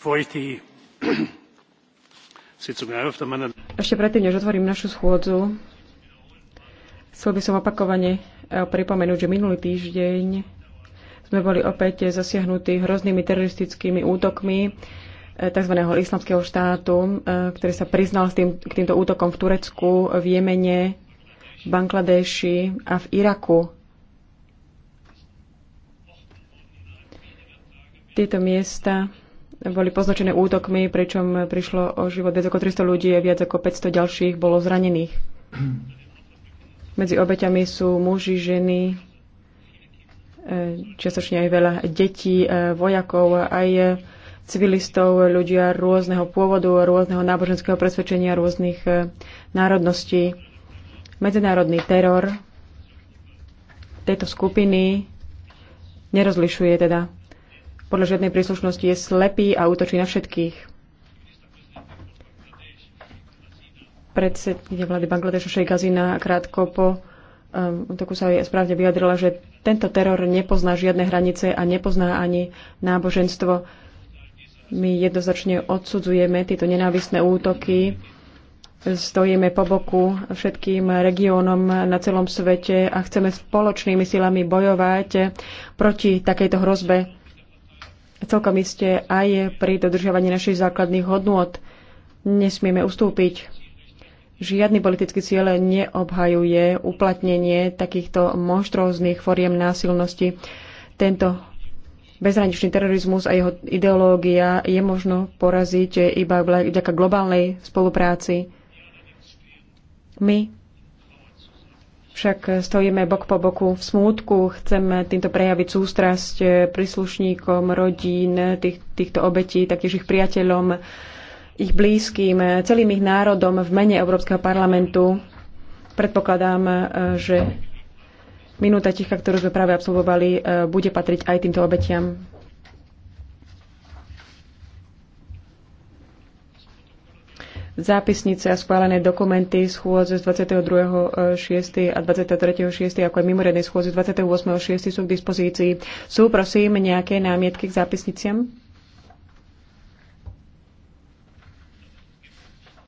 Ešte predtým, než otvorím našu schôdzu, chcel by som opakovane e, pripomenúť, že minulý týždeň sme boli opäť zasiahnutí hroznými teroristickými útokmi e, tzv. islamského štátu, e, ktorý sa priznal s tým, k týmto útokom v Turecku, v Jemene, v Bangladeši a v Iraku. Tieto miesta boli poznačené útokmi, pričom prišlo o život viac ako 300 ľudí a viac ako 500 ďalších bolo zranených. Medzi obeťami sú muži, ženy, e, čiastočne aj veľa detí, e, vojakov, aj civilistov, ľudia rôzneho pôvodu, rôzneho náboženského presvedčenia, rôznych e, národností. Medzinárodný teror tejto skupiny nerozlišuje teda podľa žiadnej príslušnosti je slepý a útočí na všetkých. Predsedkynia vlády Bangladeša Sheikh krátko po um, takú sa aj správne vyjadrila, že tento teror nepozná žiadne hranice a nepozná ani náboženstvo. My jednoznačne odsudzujeme tieto nenávisné útoky stojíme po boku všetkým regiónom na celom svete a chceme spoločnými silami bojovať proti takejto hrozbe celkom iste aj pri dodržiavaní našich základných hodnôt nesmieme ustúpiť. Žiadny politický cieľ neobhajuje uplatnenie takýchto monštróznych foriem násilnosti. Tento bezhraničný terorizmus a jeho ideológia je možno poraziť iba vďaka globálnej spolupráci. My však stojíme bok po boku v smútku, chceme týmto prejaviť sústrasť príslušníkom rodín tých, týchto obetí, taktiež ich priateľom, ich blízkym, celým ich národom v mene Európskeho parlamentu. Predpokladám, že minúta ticha, ktorú sme práve absolvovali, bude patriť aj týmto obetiam. zápisnice a schválené dokumenty schôdze z 22.6. Eh, a 23.6. ako aj mimoriadnej schôdze 28.6. sú k dispozícii. Sú prosím nejaké námietky k zápisniciam?